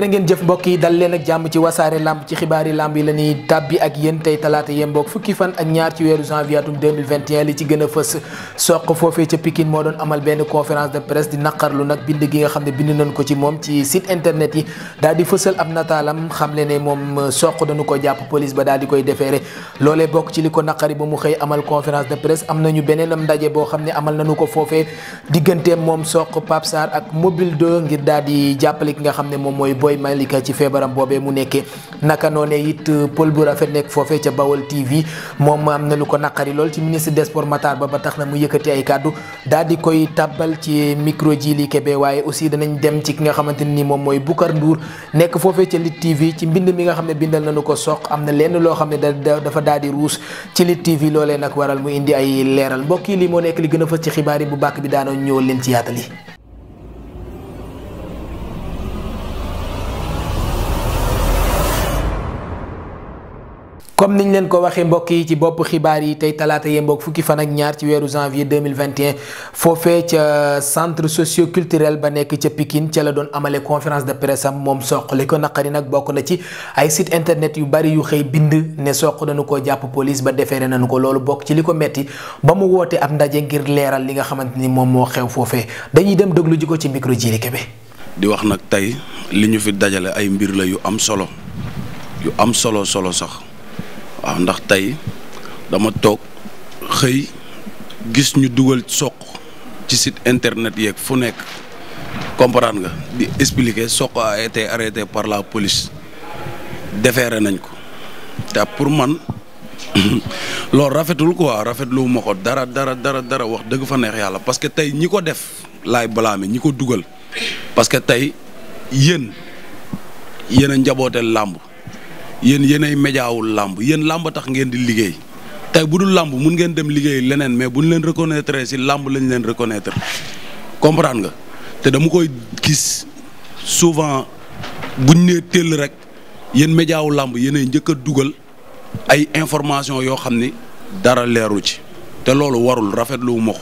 jërë ngeen jëf mbokk yi dal leen ak jàmm ci wasaare lamb ci xibaari lamb li a fës nga xam ne bind nañ ko ci moom ci site internet yi daal fësal ab nataalam xam le ne moom soq dañu ko jàpp police ba daal koy defeere loolee bokk ci li ko naqari ba mu xëy amal conférence de presse am nañu beneen am ndaje boo xam ne amal nañu ko foofee digganteem moom soq Pape ak mobile 2 ngir daal jàppale ki nga xam ne moom mooy koy Malika ci feebaram boobee mu nekkee naka noone it euh, pël bu rafet nekk foofee ca Bawol TV moom am na lu ko naqari lool ci ministre des sports Matar Ba ba tax na mu yëkkati ay kàddu daal di koy tàbbal ci micro ji li Kébé waaye aussi danañ dem ci ki nga xamante nii moom mooy Boucar Ndour nekk foofee ca Lit TV ci mbind mi nga xam ne bindal na nañu ko soq am na lenn loo xam ne da dafa daal di ruus ci Lit TV loolee nag waral mu indi ay leeral mbokk yi lii moo nekk li gën a fës xibaar yi bu bàkk bi daanoo ñëw leen ci yaatal yi comme ni ñu leen ko waxee mbokk yi ci bopp xibaar yi tey talaata yee mbokk fukki fan ak ñaar ci weeru janvier 2021 foofee ca centre socioculturel ba nekk ca Pikine ca la doon amale conférence de presse am moom soq li ko naqari nag bokk na ci ay site internet yu bari yu xëy bind ne soq dañu ko jàpp police ba defeere nañu ko loolu bokk ci li ko metti ba mu woote ab ndaje ngir leeral li nga xamante ni moom moo xew foofee dañuy dem déglu ji ko ci micro Djily Kébé di wax nag tey li ñu fi dajale ay mbir la yu am solo yu am solo solo sax waaw ndax tey dama toog xëy gis ñu dugal soq ci sit internet yeeg fu nekk comprendre nga di expliquer soq arrêté par la police déféré nañ ko te pour man loolu rafetul quoi rafetlu ma ko dara dara dara dara wax dëgg fa neex yàlla parce que tey ñi ko def laay blâmer ñi ko dugal parce que tey yéen yéen a làmb yéen yéenay médiaawul làmb yéen làmb tax ngeen di liggéey tey bu dul làmb mun ngeen dem liggéey leneen mais bu ñu leen reconnaître si làmb lañ leen reconnaître comprendre nga te dama koy gis souvent buñ nee teel rek yéen médiawu làmb yéenay njëkk a dugal ay information yoo xam ni dara leeru ci te loolu warul rafetlu wu ma ko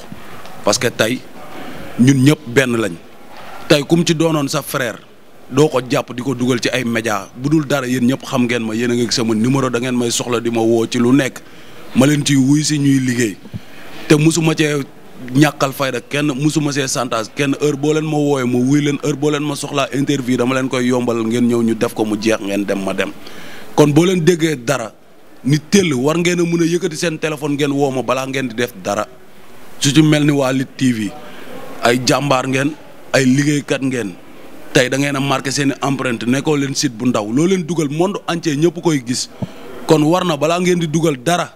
parce que tey ñun ñëpp benn lañ tey kum ci doonoon sa freer doo ko jàpp di ko dugal ci ay média bu dul dara yéen ñëpp xam ngeen ma yéen a ngi sama numéro dangeen may soxla di ma woo ci lu nekk ma leen ci wuy si ñuy liggéey te musuma cee ñàkkal fayda kenn musuma see chantage kenn heure boo leen ma wooyee ma wuy leen heure boo leen ma soxla interview dama leen koy yombal ngeen ñëw ñu def ko mu jeex ngeen dem ma dem kon boo leen déggee dara ni tell war ngeen a mën a yëkkati seen téléphone ngeen woo ma balaa ngeen def dara su ci mel ni waa Lutte ay jàmbaar ngeen ay liggéeykat ngeen tey da ngeen a marqué seen i empreinte nekkoo leen site bu ndaw loo leen dugal monde entier ñëpp koy gis kon war na balaa ngeen di dugal dara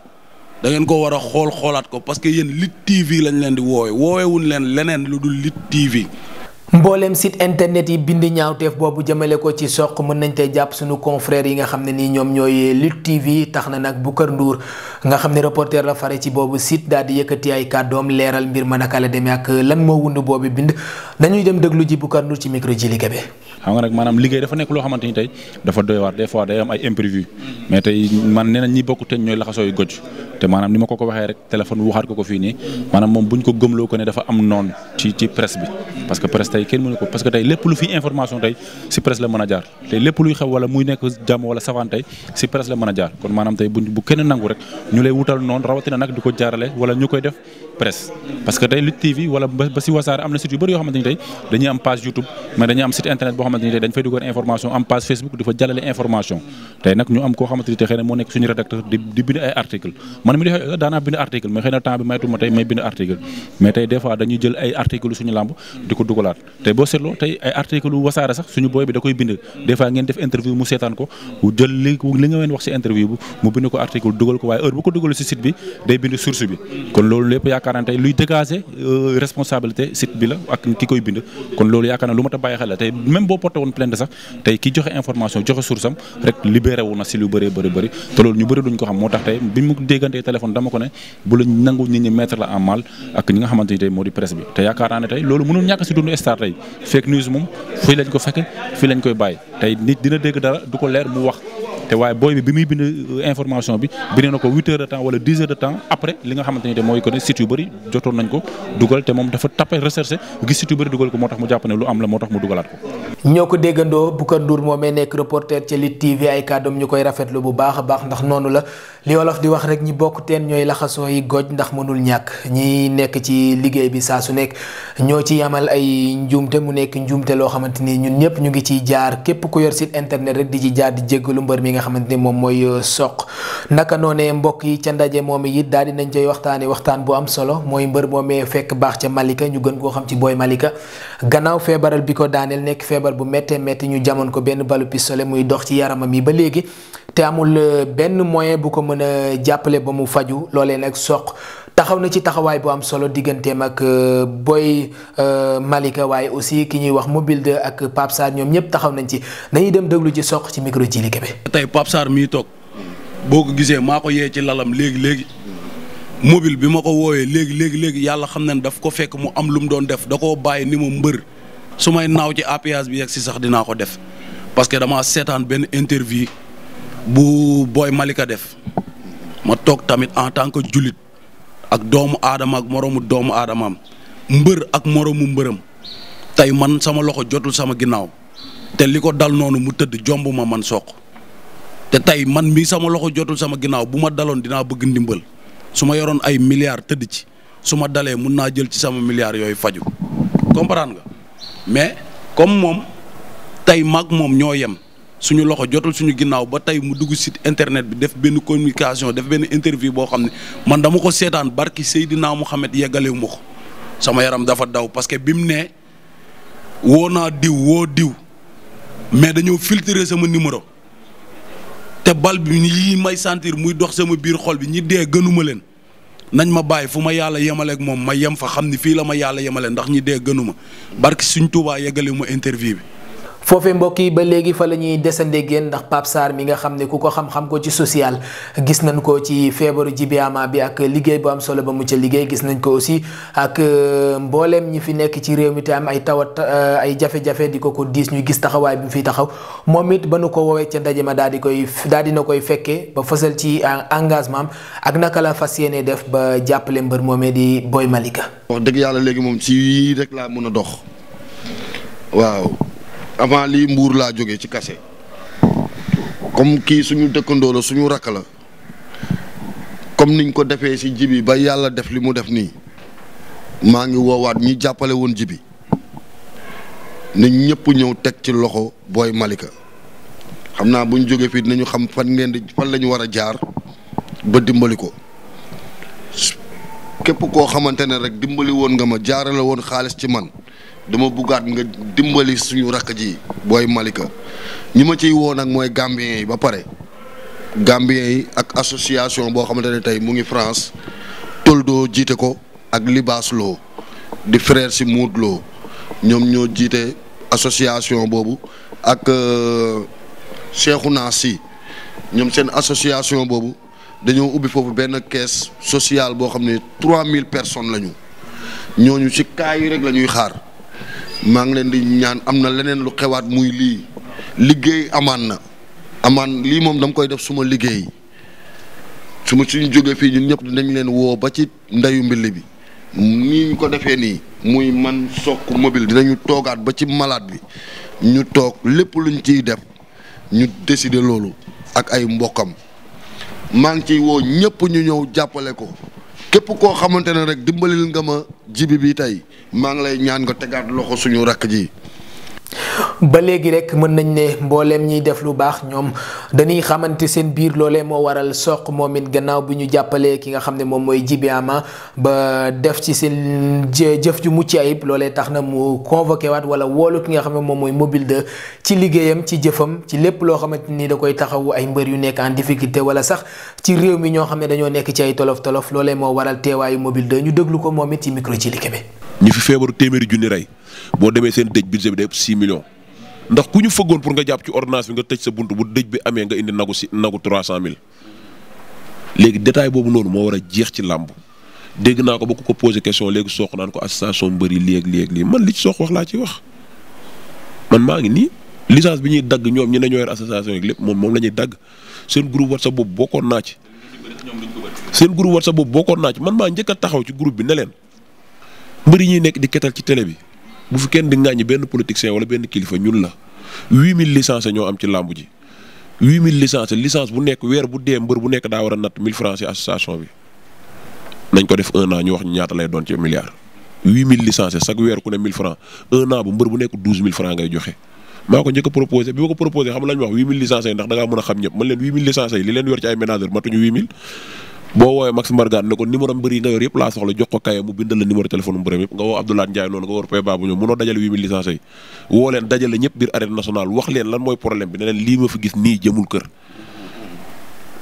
da ngeen ko war a xool xoolaat ko parce que yéen Lutte TV lañ leen di woowe woowewuñ leen leneen lu dul Lutte TV mbooleem site internet yi bind ñaawteef boobu jëmale ko ci soq mën nañ tey jàpp suñu confrères yi nga xam ne nii ñoom ñooy Lutte TV tax na nag Boucar Ndour nga xam ne reporter la fare ci boobu site daal di yëkkati ay kàddoom leeral mbir ma naka la demee ak lan moo wund boobu bind dañuy dem déglu ji Boucar Ndour ci micro ji liggéey bi. xam nga nag maanaam liggéey dafa nekk loo xamante ni tey dafa doy waar des fois day am ay imprévu mais tey man nee maanaam ni ma ko ko waxee rek téléphone waxaat ko ko fii nii maanaam moom buñ ko gëmloo ko ne dafa am noon tey kenn mënu ko parce que tey lépp lu fi information tey si presse la mën a jaar tey lépp luy xew wala muy nekk jàmm wala safaan tey si presse la mën a jaar kon maanaam tey bu bu kenn nangu rek ñu lay wutal noonu rawatina nag di ko jaarale wala ñu koy def presse parce que tey Lutte TV wala ba si wasaare am na site yu bëri yoo tey dañuy am page YouTube mais dañuy am site internet boo xamante tey dañ fay information am page Facebook di fa information tey nag ñu am koo xamante ni tey xëy moo nekk suñu rédacteur di bind ay article man mi di daanaa temps may bind article mais tey des dañuy jël ay article suñu làmb di ko dugalaat tey boo seetloo tey ay article wasaare sax suñu yaakaar luy dégager euh, responsabilité site bi ak ki koy bind kon loolu yaakaar naa lu mat a bàyyi xel la boo porté woon plainte sax tey ki joxe information joxe source am rek libéré wu si lu bëree bëri bëri te loolu ñu bëri duñ ko xam moo tax tey bi mu déggantee téléphone dama ko ne bu la nangu ñi mettre la en mal ak ñi nga xamante ni moo di presse bi te yaakaar naa loolu mënul ñàkk si dundu star tey fake lañ koy bàyyi tey nit dina dégg dara te waaye booy bi bi muy bind euh, information bi bind na ko huit de temps wala dix heures de temps après li nga xamante ni mooy que ne site yu bëri jotoon nañ ko dugal te moom dafa tapé recherché gis site yu bëri dugal ko moo tax mu jàpp lu am la moo tax mu dugalaat ko. ñoo ko déggandoo Boucar Ndour moomee nekk reporter ci TV ay kàddoom ñu koy rafetlu bu baax baax ndax noonu la li wolof di wax rek ñi bokk teen ñooy laxasoo yi goj ndax mënul ñàkk ñi nekk ci liggéey bi saa su nekk ñoo ci yamal ay njuumte mu nekk njuumte loo xamante ni ñun ñëpp ñu ngi ciy jaar képp ku yor site internet rek di ci jaar di jéggalu mbër mi nga xamante ni moom mooy euh, soq naka noonee mbokk yi ca ndaje moom it daal di nañ cay waxtaanee waxtaan bu am solo mooy mbër moomee fekk baax ca Malika ñu gën koo xam ci booy Malika gannaaw feebaral bi ko daaneel nekk feebar bu méttee métti ñu jamoon ko benn balu muy dox ci yaramam yi ba léegi te amul euh, benn moyen bu ko mën a jàppale ba mu faju loolee nag soq taxaw na ci taxawaay bu am solo digganteem ak euh, Boy euh, Malika waaye aussi ki ñuy wax mobile de ak Pape Sarr ñoom ñëpp taxaw nañ ci dañuy dem déglu ci soq ci micro ji bi. tey Pape mi mii toog boo ko gisee maa ko yee ci lalam léegi léegi mobile bi ma ko wooyee léegi léegi léegi yàlla xam na daf ko fekk mu am lu mu doon def da ko bàyyi ni mu mbër su may naaw ci APS bi yegg si sax dinaa ko def parce que dama seetaan benn interview. bu booy Malika def ma toog tamit en tant que jullit ak doomu aadama ak moroomu doomu aadamaam mbër ak moroomu mbërëm tey man sama loxo jotul sama ginnaaw te li ko dal noonu mu tëdd jomb ma man soq te tey man mii sama loxo jotul sama ginnaaw bu ma daloon dinaa bëgg ndimbal su ma yoroon ay milliards tëdd ci su ma dalee mun naa jël ci sama milliards yooyu faju comprendre nga mais comme moom tey maag moom ñoo yem. suñu loxo jotul suñu ginnaaw ba tey mu dugg site internet bi def benn communication def benn interview boo xam ne man dama ko seetaan barki Seydina naa yeggalewu ma ko sama yaram dafa daw parce que bi mu nee woo naa diw woo diw mais dañoo filtrer sama numéro te bal bi yi may sentir muy dox sama biir xol bi ñi dee gënuma leen nañ ma bàyyi fu ma yàlla yemaleeg moom ma yem fa xam ni fii la ma yàlla yemale ndax ñi dee gënuma barki suñ Tuubaa yeggalewu ma interview bi foofee mbokk yi ba léegi fa la ñuy desandee génn ndax Pape Sarr mi nga xam ne ku ko xam-xam ko ci social gis nañ ko ci feebaru jibiama bi ak liggéey bu am solo ba mu ca liggéey gis nañ ko aussi ak euh, mbooleem ñi fi nekk ci réew mi te am ay tawat euh, ay jafe di ko ko diis ñu gis taxawaay bi mu fi taxaw moom it ba nu ko woowee ca ndaje ma daal di koy daal dina koy fekkee ba fësal ci euh, engagement ak naka la fas yéene def ba jàppale mbër moomee di booy Malika. wax dëgg yàlla léegi moom ci rek laa mun a dox waaw. avant lii mbuur laa jóge ci kase comme kii suñu dëkkandoo la suñu rakk la comme niñ ko defee ci jibi ba yàlla def li mu def nii maa ngi woowaat ñi jàppale woon jibi ne ñépp ñëw teg ci loxo booy Malika xam naa bu ñu jógee fii dinañu xam fan lañu di war a jaar ba dimbali ko képp koo xamante ne rek dimbali woon nga ma jaarale woon xaalis ci man dama buggaat nga dimbali suñu rakk ji booy Malika ñi ma ciy woo nag mooy Gambien yi ba pare Gambien yi ak association boo xamante ne tey mu ngi France Toldo jiite ko ak Libaas di frère si Mood ñoom ñoo jiite association boobu ak euh, Cheikhouna Si ñoom seen association boobu dañoo ubbi foofu benn caisse sociale boo xam ne 3000 personnes lañu ñooñu ci kaa yi rek la ñuy xaar. maa ngi leen di ñaan am na leneen lu xewaat muy lii liggéey amaan na amaan lii moom dama koy def suma liggéey su ma suñ jógee fii ñun ñëpp dinañ leen woo ba ci ndeyu mbill bi nii ñu ko defee nii muy man Sokh Mobile dinañu toogaat ba ci malaat bi ñu toog lépp luñ ciy def ñu décider loolu ak ay mbokkam maa ngi ciy woo ñëpp ñu ñëw jàppale ko képp koo xamante ne rek dimbalil nga ma jibi bii tey maa ngi lay ñaan ko tegaat loxo suñu rakk ji ba léegi rek mën nañ ne mbooleem ñiy def lu baax ñoom dañuy xamante seen biir loolee moo waral soq moom it gannaaw bi ñu jàppalee ki nga xam ne moom mooy Djiby Ama ba def ci seen jëf ju mucc ay loolee tax na mu convoqué waat wala woolu ki nga xam ne moom mooy mobile de ci liggéeyam ci jëfam ci lépp loo xamante ni da koy taxawu ay mbër yu nekk en difficulté wala sax ci réew mi ñoo xam ne dañoo nekk ci ay tolof tolof loolee moo waral teewaayu mobile de ñu déglu ko moom it ci micro ci li bi. ñu fi feebaru téeméeri boo demee seen dëj bi day 6 millions. ndax ku ñu fëggoon pour nga jàpp ci ordonnance bi nga tëj sa bunt bu dëj bi amee nga indi nagu si nagu 300000 léegi détail boobu noonu moo war a jeex ci làmb dégg naa ko ba ku ko posé question léegi soox naan ko association mbëri léeg léeg lii man li ci soox wax laa ci wax man maa ngi nii licence bi ñuy dagg ñoom ñi ne ñoo yor association yeeg lépp moom moom la ñuy dagg seen groupe WhatsApp boobu bokkoon naa ci. seen groupe WhatsApp boobu bokkoon naa ci man maa njëkk a taxaw ci groupe bi ne leen mbëri ñuy nekk di ketal ci télé bi. bu fi kenn di ŋàññi benn politicien wala benn kilifa ñun la 8000 licences ñoo am ci làmb ji 8000 licences licence bu nekk weer bu dee mbër bu nekk daa war a natt 1000 francs association bi nañ ko def un an ñu wax ñaata lay doon ci milliard 8000 licences chaque weer ku ne 1000 francs un an bu mbër bu nekk 12000 francs ngay joxe. maa ko njëkk a proposé bi ma ko proposé xam lañ wax 8000 licences yi ndax da mën a xam boo woowee Max Mbargane ne ko numéro mbër yi nga yor yëpp laa soxla jox ko kaye mu bindal la numéro téléphone mbërëm yëpp nga woo Abdoulaye Ndiaye noonu nga war pay baabu ñoom munoo dajale 8000 licences yi woo leen dajale ñëpp biir arène nationale wax leen lan mooy problème bi ne leen lii ma fi gis nii jëmul kër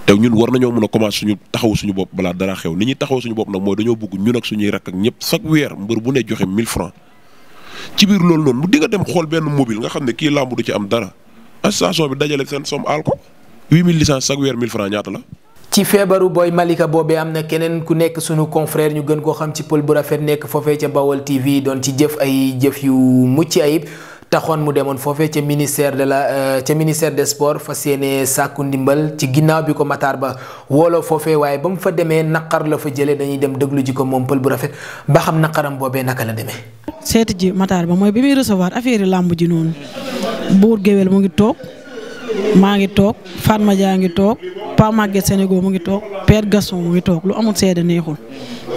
te ñun war nañoo mën a commencé suñu taxaw suñu bopp balaa dara xew ni ñuy taxaw suñu bopp nag mooy dañoo bëgg ñun ak suñuy rakk ak ñëpp chaque weer mbër bu ne biir loolu noonu di nga dem xool benn mobile nga xam ne kii làmb du ci am dara association bi dajale seen somme aal ko 8000 licences chaque weer 1000 la ci feebaru booy Malika boobee am na keneen ku nekk sunu confrère ñu gën koo xam ci pël bu rafet nekk foofee ca Bawol TV doon ci jëf ay jëf yu mucc ayib taxoon mu demoon foofee ca ministère de la euh, ca ministère des sports fas yéene sàkku ndimbal ci ginnaaw bi ko Matar Ba wooloo foofee waaye ba mu fa demee naqar la fa jëlee dañuy dem déglu ji ko moom pël bu rafet ba xam naqaram boobee naka la demee. seeti ji Matar Ba mooy bi muy recevoir affaire làmb ji noonu buur géwél mu ngi toog. maa ngi toog Fatma Dia ngi toog Pa Maguette Sénégal mu ngi toog Père Gaston mu ngi toog lu amul seede neexul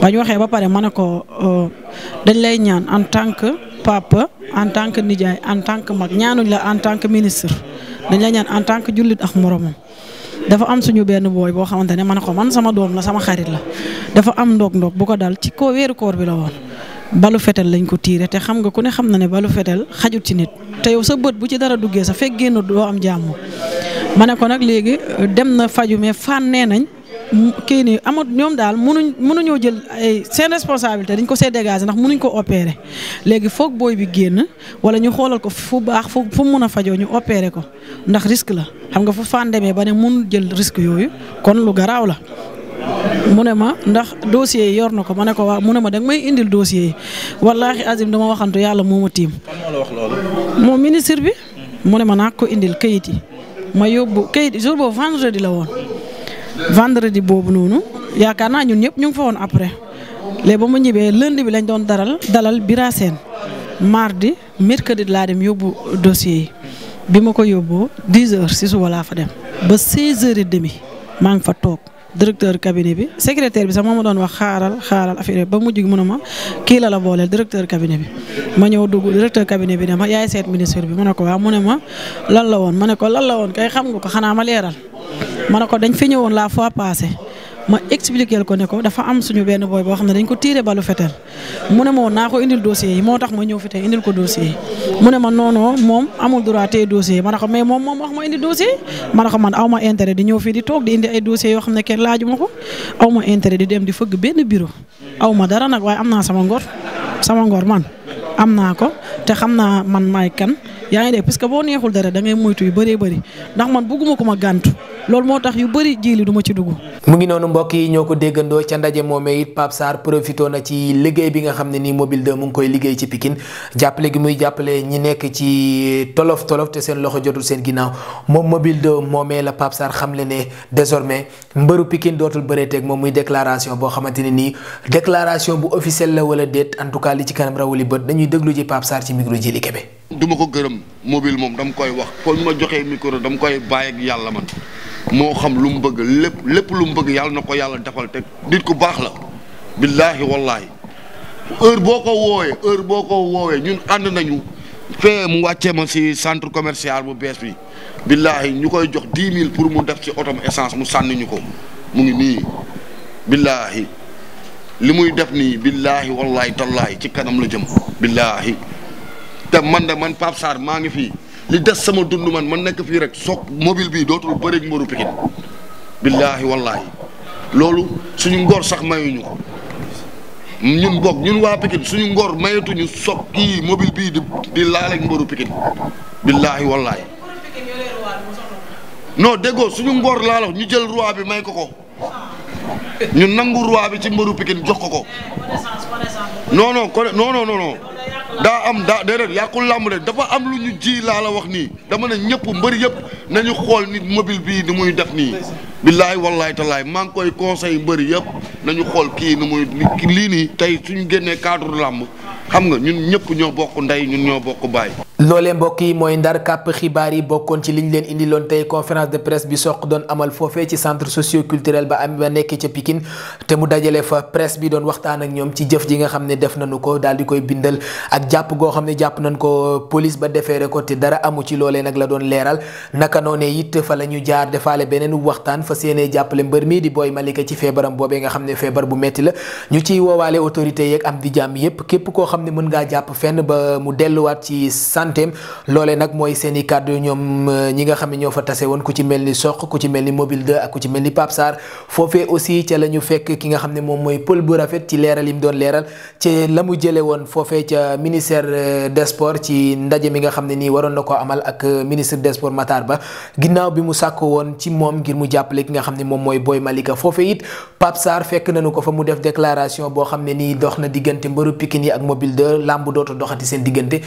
ba ñu waxee ba pare ma ne ko euh, dañ lay ñaan en tant que papa en tant que nijaay en tant que mag ñaanuñ la en tant que ministre dañ lay ñaan en tant que jullit ak moromam. dafa am suñu benn booy boo xamante ne ma ne ko man sama doom la sama xarit la dafa am ndog-ndog bu ko dal ci ko weeru koor bi la woon. balu fetel lañ ko tiire te xam nga ku ne xam na ne balu fetel xajut ci nit te yow sa bët bu ci dara duggee sa fekk génn doo am jàmm ma ne ko nag léegi euh, dem na faju mais fan nee nañ kii nii amat ñoom daal munuñ munuñoo jël ay seen responsabilité dañ ko see dégager ndax munuñ ko opérer léegi foog booy bi génn wala ñu xoolal ko fu baax fu fu mun a fajoo ñu opérer ko ndax risque la xam nga fu fan demee ba ne mun jël risque yooyu kon lu garaaw la mu ne ma ndax dossier yi yor na ko ma ne ko waaw mu ne ma danga may indil dossier yi wallaahi azim dama waxantu yàlla moo ma tiim. moo ministre bi. mu ne ma naa ko indil kayit yi ma yóbbu kayit jour boobu vendredi la woon vendredi boobu noonu yaakaar naa ñun ñëpp ñu ngi fa woon après léegi ba mu ñibbee lënd bi lañ doon daral dalal Bira Sène mardi mercredi laa dem yóbbu dossier yi bi ma ko yóbboo 10 heures si suba laa fa dem ba 16 heures et demi maa ngi fa toog. directeur cabinet bi secrétaire bi sax moo ma doon wax xaaral xaaral affaire ba mujj gi mu ne ma kii la la booleel directeur cabinet bi ma ñëw dugg directeur cabinet bi ne ma yaay seet ministre bi mu ne ko waaw mu ne ma lan la woon ma ne ko lan la woon kay xam nga ko xanaa ma leeral ma ne ko dañ fi ñëwoon laa foo passée ma expliquer ko ne ko dafa am suñu benn booy boo xam ne dañ ko tiire balu fetel mu ne ma woon naa ko indil dossier yi moo tax ma ñëw fi tey indil ko dossier yi mu ne ma noonoo moom amul droit téye yi ma a ko mais moom moom wax ma indi dossier ma ne ko man aw ma di ñëw fii di toog di indi ay dossiers yoo xam ne kenn laaju ma ko aw ma intérêt di dem di fëgg benn bureau aw ma dara nag waaye am naa sama ngor sama ngor man am naa ko te xam naa man maay kan yaa ngi dégg parce que boo neexul dara da moytu yu bëree bëri ndax man bugguma ko ma gàntu loolu moo tax yu bëri jiili du ma ci dugg. mu ngi noonu mbokk yi ñoo ko déggandoo ca ndaje moomee it Pape Sarr profité na ci liggéey bi nga xam ne nii mobile 2 mu ngi koy liggéey ci Pikine jàppale gi muy jàppale ñi nekk ci tolof tolof te seen loxo jotul seen ginnaaw moom mobile 2 moomee la Pape Sarr xam le ne désormais mbëru Pikine dootul bëreeteeg moom muy déclaration boo xamante ne nii déclaration bu officielle la wala déet en tout cas li ci kanam rawuli bët dañuy déglu ji Pape Sarr ci li kebe. du ko gërëm mobile moom dama koy wax kon ma joxee micro dama koy bàyyi ak yàlla man moo xam lu mu bëgg lépp lépp lu mu bëgg yàlla na ko yàlla defal te nit ku baax la billaahi wallaahi heure boo ko woowee heure boo ko woowee ñun ànd nañu fee mu wàccee ma si centre commercial bu bees bi billaahi ñu koy jox dix mille pour mu def ci otom essence mu sànni ñu ko mu ngi nii billaahi li muy def nii billaahi wallaahi tallaahi ci kanam la jëm billaahi te man de man Pape maa ngi fii li des sama dund man man nekk fii rek soog mobil bii dootul bëreeg mbaru Pikine billaahi wallaahi loolu suñu ngor sax mayuñu ko ñun bokk ñun waa Pikine suñu ngor mayatuñu soog mobil bii di di laaleeg mbaru Pikine billaahi wallaahi non déggoo suñu ngor laalo ñu jël roi bi may ko ko ñun nangu roi bi ci mbaru Pikine jox ko ko non non daa am daa déedéet yàqu làmb de dafa am lu ñu ji laa la wax nii dama ne ñëpp mbër yëpp nañu xool nit mobile bii ni muy def nii. billaay wallaay talaay maa ngi koy conseil mbëri yëpp nañu xool kii ni muy lii nii. tey suñu génnee cadre làmb xam nga ñun ñëpp ñoo bokk ndey ñun ñoo bokk baay. loolee mbokk yi mooy ndar kàpp xibaar yi bokkoon ci li ñu leen indi loon tey conférence de presse bi soq doon amal foofee ci centre socioculturel ba am ba nekk ca Pikine te mu dajale fa presse bi doon waxtaan ak ñoom ci jëf ji nga xam ne def nañu ko daal di koy bindal ak jàpp goo xam ne jàpp nañ ko police ba defeere ko dara amu ci loolee nag la doon leeral naka noone it fa la ñu jaar defaale beneen waxtaan fa séenee jàppale mbër mii di Boy Malika ci feebaram boobee nga xam ne feebar bu metti la ñu ciy woowaale autorité yeeg am di jàmm yépp képp koo xam ne mën ngaa jàpp fenn ba mu delluwaat ci anteem loolee nag mooy seeni i kàddu ñoom euh, ñi nga xam ne ñoo fa tase woon ku ci mel ni soq ku ci mel ni mobile 2 ak ku ci mel ni Pape Sarr foofee aussi ca la ñu fekk ki nga xam ne moom mooy pël bu rafet ci leeral yi mu doon leeral ci la mu jële woon foofe ca ministère euh, des sports ci ndaje mi nga xam ne nii waroon na ko amal ak euh, ministre des sports Matar Ba ginnaaw bi mu sàkk woon ci moom ngir mu jàppale ki nga xam ne moom mooy Boy Malika foofee it Pape Sarr fekk nañu ko fa mu def déclaration boo xam ne nii dox na diggante mbëru Pikine yi ak mobile 2 làmb dootu doxati seen diggante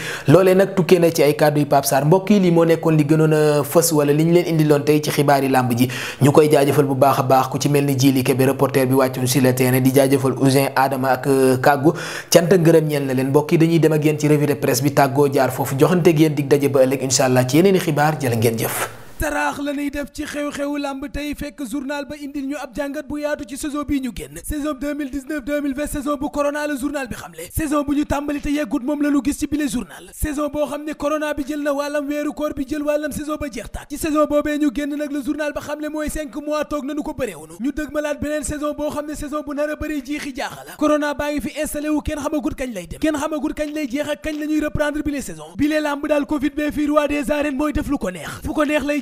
kenn ci ay kàddu yu Pape mbokk yi lii moo nekkoon li gënoon a fës wala li ñu leen indiloon tey ci xibaari làmb ji ñu koy jaajëfal bu baax a baax ku ci mel ni jii Jili Kébé reporter bi wàccun si le terrain di jaajëfal Ousin Adama ak euh, kàggu cant ak ngërëm ñeel na leen mbokk dañuy dem ak yéen ci revue de bi tàggoo jaar foofu joxante ak yéen dig daje ba ëllëg incha allah ci yeneen i xibaar jël ngeen jëf taraax la ñuy def ci xew-xewu làmb tey fekk journal ba indil ñu ab jàngat bu yaatu ci saison bii ñu génn saison 2019 2020 saison bu corona la journal bi xamle saison bu ñu tàmbali te yeggut moom la gis ci bile journal saison boo xam ne corona bi jël na wàllam weeru koor bi jël wàllam saison ba jeex taat ci saison boobee ñu génn nag la journal ba xamle mooy cinq mois toog nañu ko bëreewunu ñu dëgmalaat beneen saison boo xam ne saison bu nar a bëri jiixi jaaxa la corona baa ngi fi installé wu kenn xamagut la ñuy reprendre bile saison bile làmb daal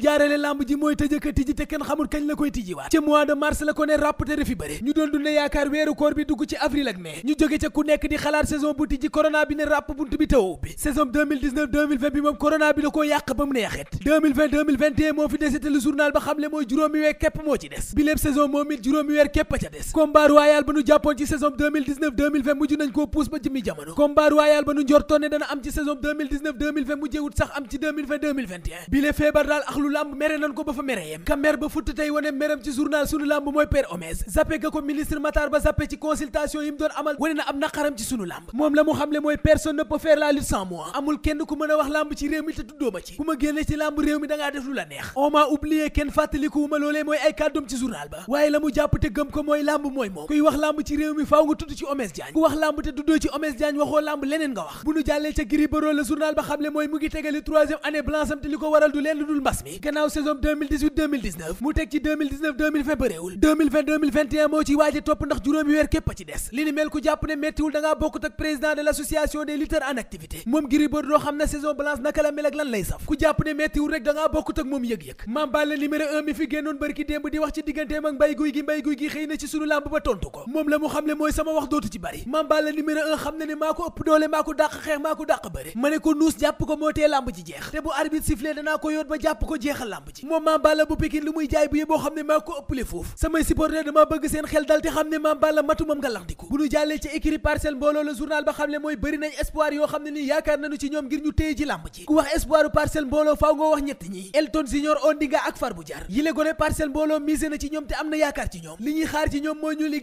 jaarale lamb ji mooy tëjëkka tijji te kenn xamul kañ la koy tijjiwaat ci mois de mars la ko ne rappte refi bëri ñu doon dunde yaakaar weeru koor bi dugg ci avril ak mai ñu jóge ca ku nekk di xalaat saison bu tijji corona bi ne ràpp bunt bi tawoo bi saison 2019 bi moom corona bi da koo yàq ba mu neexet 2020 moo fi desete le journal ba xamle mooy juróomi weer képp moo ci des bi lépp moom it juróomi weer képp a ca des combat royal ba nu jàppoon ci lamb mere nan ko ba fa mere yem ka mer ba futt tey wane meram ci journal sunu lamb mooy Père Omès zappe ko ministre Matar Ba zappe ci consultation yi mu doon amal wane na am naqaram ci sunu lamb moom la mu xamle mooy personne ne peut faire la lutte sans amul kenn ku mën a wax lamb ci réew mi te tuddoo ma ci ku ma génne ci lamb réew mi da ngaa def lu la neex on m'a kenn fàttalikuwuma loolee mooy ay kàddum ci journal ba waaye la mu jàpp te gëm ko mooy lamb mooy wax lamb ci réew mi faaw wax lamb te tuddoo nga wax bu nu jàllee ca Gris Bordeaux mooy mu ngi tegale troisième année blanche am te li ko waral du leen mbas mi gannaaw saison 2018 2019 mu teg ci 2019 2020 bëreewul 2020 2021 moo ci waaje topp ndax juróomi a ci des li na saison blanche naka la numéro 1 mi fi génnoon bërki démb di wax ci digganteem ak mbay guy gi mbay guy gi xëy na ci sunu làmb ba tontu ko moom la mu xam le mooy sama wax dootu ci bari Mame Balla numéro 1 xam na ne maa ko ëpp doole maa ko dàq xeex maa ko dàq bëre ma ne ko nuus jàpp ko moo tee làmb ji jeex te bu arbitre sifflé danaa ko yóot ba jàpp ko jeex neexal làmb ji moom Mame Balla bu Pikine lu muy jaay bu yeboo xam ne maa ko foofu samay supporter dama bëgg seen xel dal te xam ne Mame Balla nga laxndiku bu ñu jàllee ci écurie Parcelles mbooloo la journal ba xam ne mooy bëri nañ espoir yoo xam ne nii yaakaar nañu ci ñoom ngir ñu téye ji làmb ji ku wax espoir u mbooloo faaw nga wax ñett ñi Elton Senior Ondinga ak Farbou Diar yile gone Parcelles mbooloo misé na ci ñoom te am na yaakaar ci ñoom li ñuy xaar ci ñoom